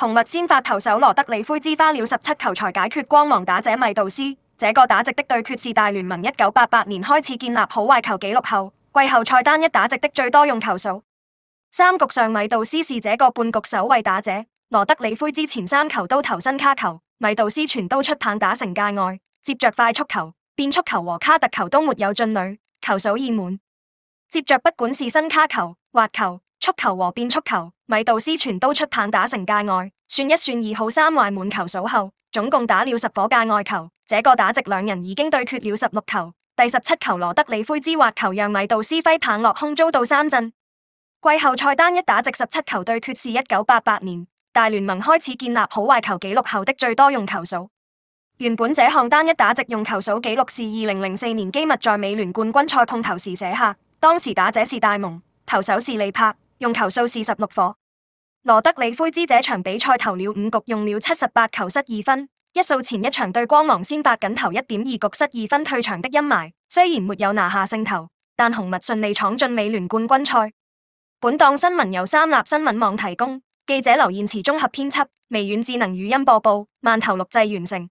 紅襪先發投手羅德里奎茲花了十七球才解決光芒打者米道斯，這個打席的對決是大聯盟一九八八年開始建立好壞球紀錄後季後賽單一打席的最多用球數。三局上米道斯是這個半局首位打者，羅德里奎茲前三球都投新卡球，米道斯全都出棒打成界外，接着快速球、變速球和卡特球都沒有進壘，球數已滿。接着不管是新卡球、滑球，.速球和變速球，米道斯全都出棒打成界外。算一算二號三壞滿球數後，總共打了十顆界外球。這個打席兩人已經對決了十六球。第十七球羅德里奎茲滑球讓米道斯揮棒落空，遭到三振。季後賽單一打席十七球對決是一九八八年大聯盟開始建立好壞球記錄後的最多用球數。原本這項單一打席用球數記錄是二零零四年基密在美聯冠，冠軍賽碰頭時寫下，當時打者是大蒙，投手是利柏。用球數是十六顆，羅德里奎茲這場比賽投了五局，用了七十八球失二分。一數前一場對光芒先發緊投一點二局失二分退場的陰霾，雖然沒有拿下勝投，但紅襪順利闖進美聯冠軍賽。本檔新聞由三立新聞網提供，記者劉燕慈綜合編輯，微軟智能語音播報，慢投錄製完成。